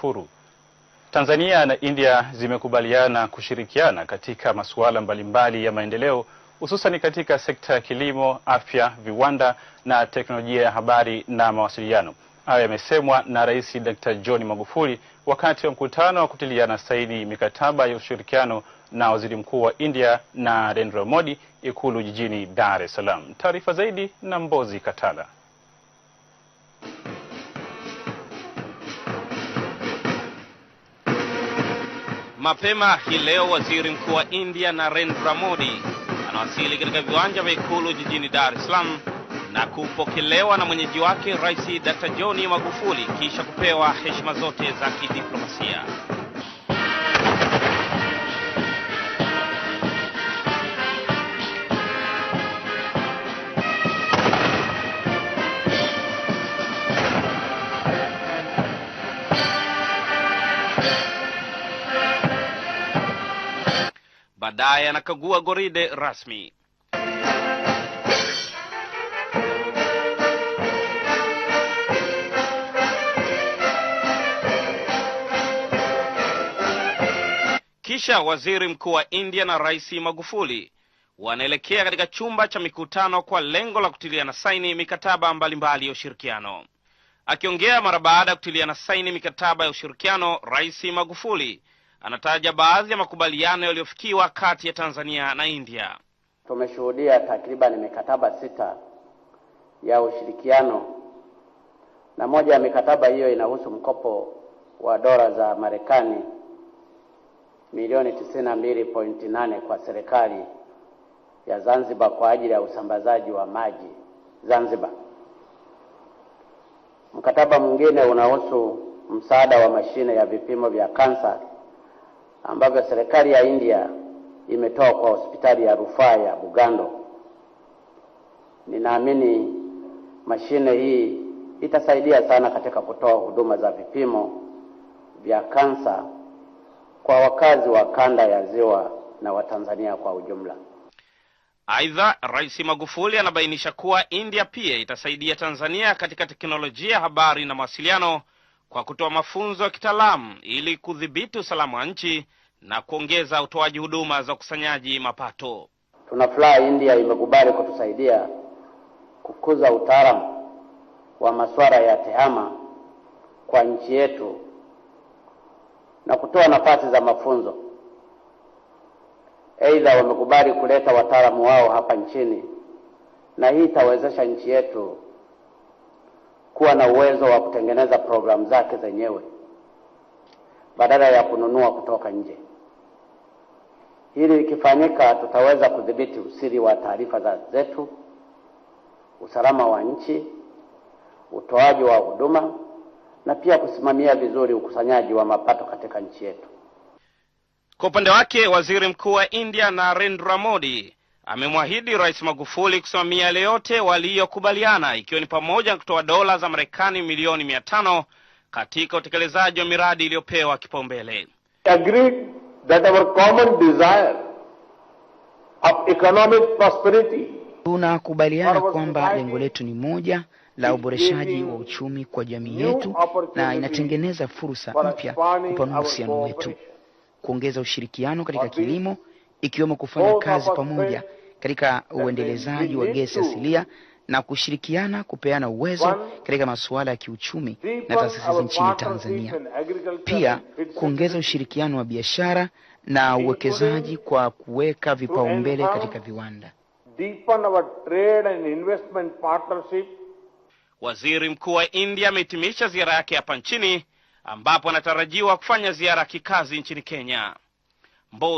huru. Tanzania na India zimekubaliana kushirikiana katika masuala mbalimbali ya maendeleo hususan katika sekta ya kilimo, afya, viwanda na teknolojia ya habari na mawasiliano. Hayo yamesemwa na Rais Dr. John Magufuli wakati wa mkutano wa kutiliana saini mikataba ya ushirikiano na Waziri Mkuu wa India Narendra Modi Ikulu jijini Dar es Salaam. Taarifa zaidi na Mbozi Katala. Mapema hii leo waziri mkuu wa India Narendra Modi anawasili katika viwanja vya ikulu jijini Dar es Salaam na kupokelewa na mwenyeji wake Rais Dr. John Magufuli kisha kupewa heshima zote za kidiplomasia. baadaye anakagua goride rasmi. Kisha waziri mkuu wa India na Rais Magufuli wanaelekea katika chumba cha mikutano kwa lengo la kutiliana saini mikataba mbalimbali ya ushirikiano. Akiongea mara baada ya kutiliana saini mikataba ya ushirikiano, Rais Magufuli anataja baadhi ya makubaliano yaliyofikiwa kati ya Tanzania na India. Tumeshuhudia takriban mikataba sita ya ushirikiano na moja ya mikataba hiyo inahusu mkopo wa dola za Marekani milioni 92.8 kwa serikali ya Zanzibar kwa ajili ya usambazaji wa maji Zanzibar. Mkataba mwingine unahusu msaada wa mashine ya vipimo vya kansa ambavyo serikali ya India imetoa kwa hospitali ya rufaa ya Bugando. Ninaamini mashine hii itasaidia sana katika kutoa huduma za vipimo vya kansa kwa wakazi wa kanda ya Ziwa na Watanzania kwa ujumla. Aidha, Rais Magufuli anabainisha kuwa India pia itasaidia Tanzania katika teknolojia ya habari na mawasiliano kwa kutoa mafunzo ya kitaalamu ili kudhibiti usalama wa nchi na kuongeza utoaji huduma za ukusanyaji mapato. Tunafurahi India imekubali kutusaidia kukuza utaalamu wa masuala ya tehama kwa nchi yetu na kutoa nafasi za mafunzo. Aidha, wamekubali kuleta wataalamu wao hapa nchini, na hii itawezesha nchi yetu kuwa na uwezo wa kutengeneza programu zake zenyewe badala ya kununua kutoka nje. Hili likifanyika, tutaweza kudhibiti usiri wa taarifa za zetu, usalama wa nchi, utoaji wa huduma na pia kusimamia vizuri ukusanyaji wa mapato katika nchi yetu. Kwa upande wake, Waziri Mkuu wa India Narendra Modi amemwahidi Rais Magufuli kusimamia yale yote waliyokubaliana, ikiwa ni pamoja na kutoa dola za Marekani milioni mia tano katika utekelezaji wa miradi iliyopewa kipaumbele. Agreed that our common desire of economic prosperity. Tunakubaliana kwamba lengo letu ni moja la uboreshaji wa uchumi kwa jamii yetu na inatengeneza fursa mpya kupanua uhusiano wetu, kuongeza ushirikiano katika kilimo, ikiwemo kufanya kazi pamoja katika uendelezaji wa gesi asilia na kushirikiana kupeana uwezo katika masuala ya kiuchumi na taasisi nchini Tanzania, pia kuongeza ushirikiano wa biashara na uwekezaji kwa kuweka vipaumbele katika viwanda. Waziri Mkuu wa India amehitimisha ziara yake hapa nchini ambapo anatarajiwa kufanya ziara ya kikazi nchini Kenya Mbo